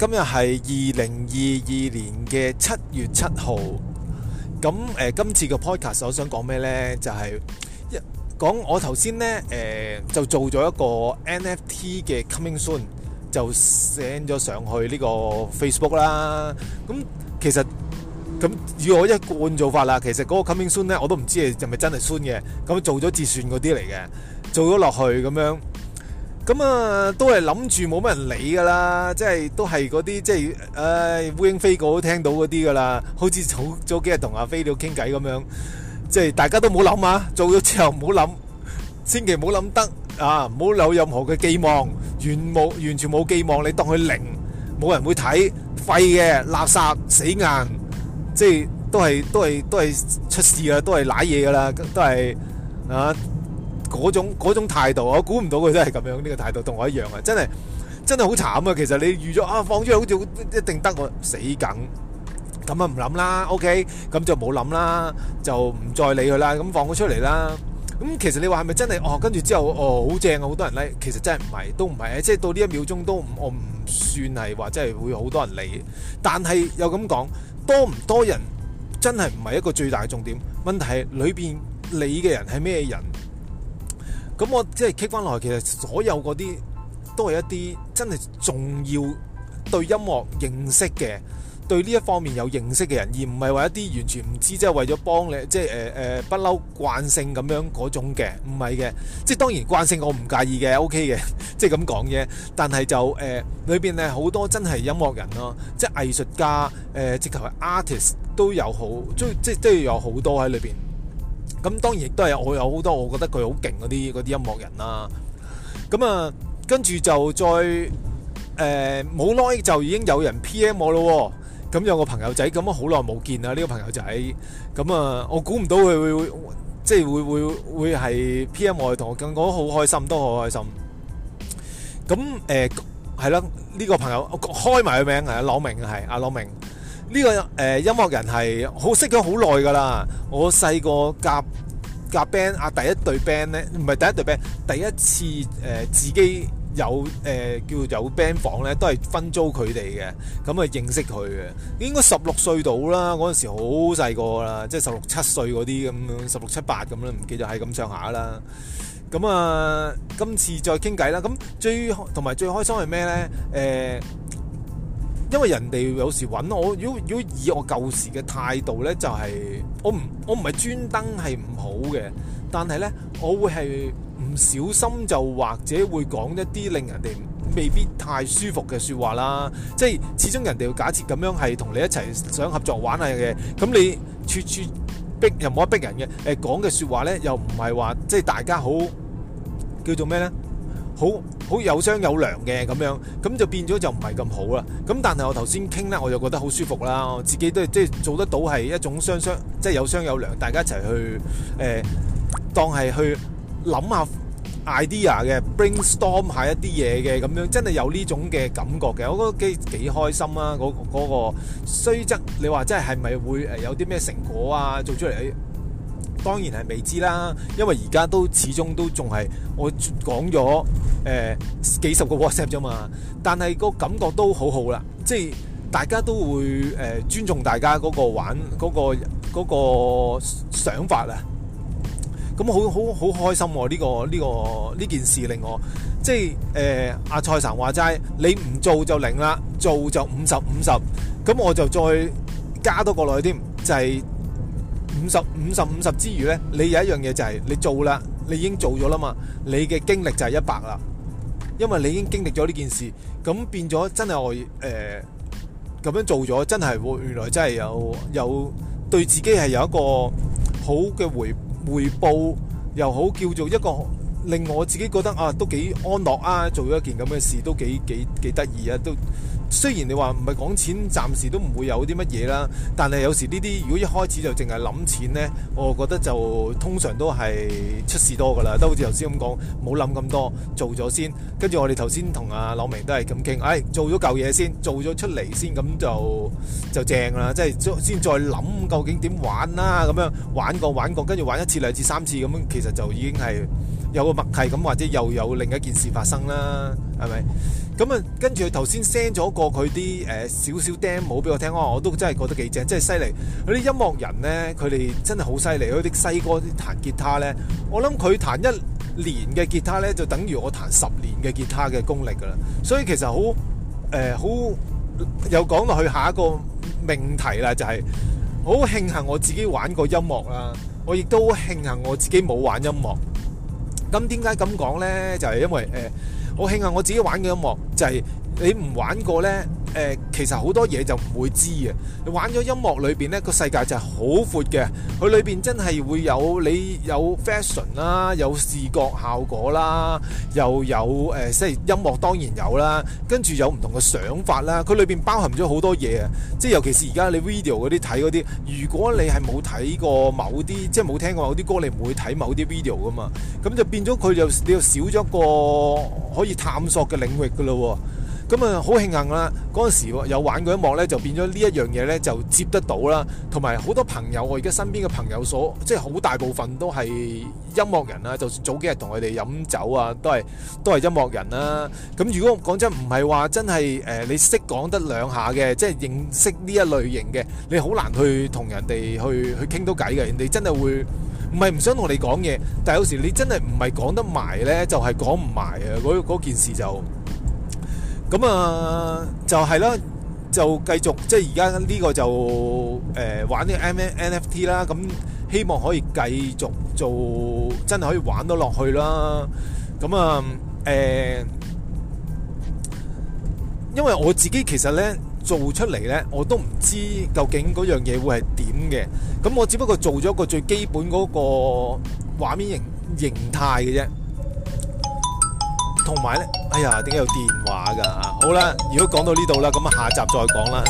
今日係二零二二年嘅七月七號，咁誒今次嘅 podcast 我想講咩呢？就係一講我頭先呢誒就做咗一個 NFT 嘅 coming soon 就 send 咗上去呢個 Facebook 啦。咁其實咁以我一貫做法啦，其實嗰個 coming soon 呢我都唔知係係咪真係 soon 嘅。咁做咗結算嗰啲嚟嘅，做咗落去咁樣。咁啊，都係諗住冇乜人理噶啦，即係都係嗰啲即係誒，烏、呃、蠅飛過都聽到嗰啲噶啦，好似早早幾日同阿飛了傾偈咁樣，即係大家都冇諗啊，做咗之後冇諗，千祈冇諗得啊，唔好有任何嘅寄望，完冇完全冇寄望，你當佢零，冇人會睇，廢嘅垃圾死硬，即係都係都係都係出事，出事，出事啊，都係瀨嘢噶啦，都係啊。嗰種嗰種態度，我估唔到佢都係咁樣呢、呢個態度，同我一樣啊！真係真係好慘啊！其實你預咗啊，放出嚟好似一定得我死梗咁啊，唔諗啦。OK，咁就冇諗啦，就唔再理佢啦。咁放佢出嚟啦。咁、嗯、其實你話係咪真係哦？跟住之後哦，好正啊！好多人咧、like，其實真係唔係都唔係啊。即係到呢一秒鐘都我唔算係話真係會好多人理，但係又咁講多唔多人真係唔係一個最大嘅重點。問題係裏邊理嘅人係咩人？咁我即係傾翻落去，其實所有嗰啲都係一啲真係重要對音樂認識嘅，對呢一方面有認識嘅人，而唔係話一啲完全唔知，即係為咗幫你，即係誒誒不嬲慣性咁樣嗰種嘅，唔係嘅。即係當然慣性我唔介意嘅，O K 嘅，即係咁講嘢。但係就誒裏邊咧好多真係音樂人咯、啊，即係藝術家誒、呃、直頭 artist 都有好，即係即係有好多喺裏邊。咁當然亦都係我有好多，我覺得佢好勁嗰啲啲音樂人啦。咁啊，跟住、啊、就再誒冇耐就已經有人 PM 我咯、啊。咁有個朋友仔，咁啊好耐冇見啦。呢、呢個朋友仔，咁啊我估唔到佢會，會即係會會會係 PM 我嘅同學，咁我覺得好開心，都好開心。咁誒係啦，呢、呃啊呢個朋友開埋個名係阿、啊、朗明，係阿朗明。呢個誒音樂人係好識咗好耐㗎啦！我細個夾夾 band 啊，第一隊 band 咧，唔係第一隊 band，第一次誒、呃、自己有誒、呃、叫做有 band 房咧，都係分租佢哋嘅，咁啊認識佢嘅。應該十六歲到啦，嗰陣時好細個啦，即係十六七歲嗰啲咁樣，十六七八咁樣，唔記得係咁上下啦。咁、就是、啊，今次再傾偈啦。咁最同埋最開心係咩咧？誒、呃。因為人哋有時揾我，如果如果以我舊時嘅態度呢、就係，就係我唔我唔係專登係唔好嘅，但係呢，我會係唔小心就或者會講一啲令人哋未必太舒服嘅説話啦。即係始終人哋假設咁樣係同你一齊想合作玩下嘅，咁你處處逼又冇得逼人嘅，誒講嘅説話呢，又唔係話即係大家好叫做咩呢？好好有商有量嘅咁樣，咁就變咗就唔係咁好啦。咁但係我頭先傾咧，我就覺得好舒服啦。我自己都即係做得到係一種雙雙，即係有商有量，大家一齊去誒、欸、當係去諗下 idea 嘅 brainstorm 下一啲嘢嘅咁樣，真係有呢種嘅感覺嘅。我覺得幾幾開心啦。嗰、那、嗰個、那個、雖則你話真係係咪會誒有啲咩成果啊？做出嚟。當然係未知啦，因為而家都始終都仲係我講咗誒幾十個 WhatsApp 啫嘛，但係個感覺都好好啦，即係大家都會誒、呃、尊重大家嗰個玩嗰、嗰個、嗰個嗰個想法啊，咁好好好開心喎！呢、呢個呢個呢件事令我即係誒阿蔡神話齋，你唔做就零啦，做就五十五十，咁我就再加多個落去添，就係、是。五十五十五十之餘呢，你有一樣嘢就係你做啦，你已經做咗啦嘛，你嘅經歷就係一百啦，因為你已經經歷咗呢件事，咁變咗真係我誒咁樣做咗，真係原來真係有有對自己係有一個好嘅回回報，又好叫做一個令我自己覺得啊都幾安樂啊，做咗一件咁嘅事都幾幾幾得意啊，都。雖然你話唔係講錢，暫時都唔會有啲乜嘢啦。但係有時呢啲如果一開始就淨係諗錢呢，我覺得就通常都係出事多噶啦。都好似頭先咁講，冇諗咁多，做咗先。跟住我哋頭先同阿朗明都係咁傾，唉、哎，做咗嚿嘢先，做咗出嚟先，咁就就正啦。即係先再諗究竟點玩啦，咁樣玩過、啊、玩過，跟住玩一次兩次三次咁樣，其實就已經係。有個默契咁，或者又有另一件事發生啦，係咪咁啊？跟住佢頭先 send 咗個佢啲誒少少 demo 俾我聽，我、啊、我都真係覺得幾正，真係犀利。嗰啲音樂人咧，佢哋真係好犀利。嗰啲西哥彈吉他咧，我諗佢彈一年嘅吉他咧，就等於我彈十年嘅吉他嘅功力噶啦。所以其實好誒好又講到去下一個命題啦，就係、是、好慶幸我自己玩過音樂啦，我亦都好慶幸我自己冇玩音樂。咁點解咁講咧？就係因為誒，好慶幸我自己玩嘅音樂就係你唔玩過咧。誒，其實好多嘢就唔會知嘅。你玩咗音樂裏邊呢個世界就係好闊嘅。佢裏邊真係會有你有 fashion 啦，有視覺效果啦，又有誒，即係音樂當然有啦。跟住有唔同嘅想法啦。佢裏邊包含咗好多嘢，即係尤其是而家你 video 嗰啲睇嗰啲。如果你係冇睇過某啲，即係冇聽過某啲歌，你唔會睇某啲 video 噶嘛。咁就變咗佢就你又少咗一個可以探索嘅領域噶咯。咁啊，好慶幸啦！嗰陣時有玩過一幕咧，就變咗呢一樣嘢咧，就接得到啦。同埋好多朋友，我而家身邊嘅朋友，所即係好大部分都係音樂人啊。就算早幾日同佢哋飲酒啊，都係都係音樂人啦。咁如果講真，唔係話真係誒，你識講得兩下嘅，即係認識呢一類型嘅，你好難去同人哋去去傾到偈嘅。人哋真係會唔係唔想同你講嘢，但係有時你真係唔係講得埋咧，就係講唔埋啊！嗰嗰件事就～咁啊，就係、是、啦，就繼續即係而家呢個就誒、呃、玩啲 N NFT 啦，咁、嗯、希望可以繼續做真係可以玩到落去啦。咁啊誒，因為我自己其實咧做出嚟咧，我都唔知究竟嗰樣嘢會係點嘅。咁、嗯、我只不過做咗一個最基本嗰個畫面形形態嘅啫。同埋咧，哎呀，點解有電話㗎？嚇，好啦，如果講到呢度啦，咁啊，下集再講啦。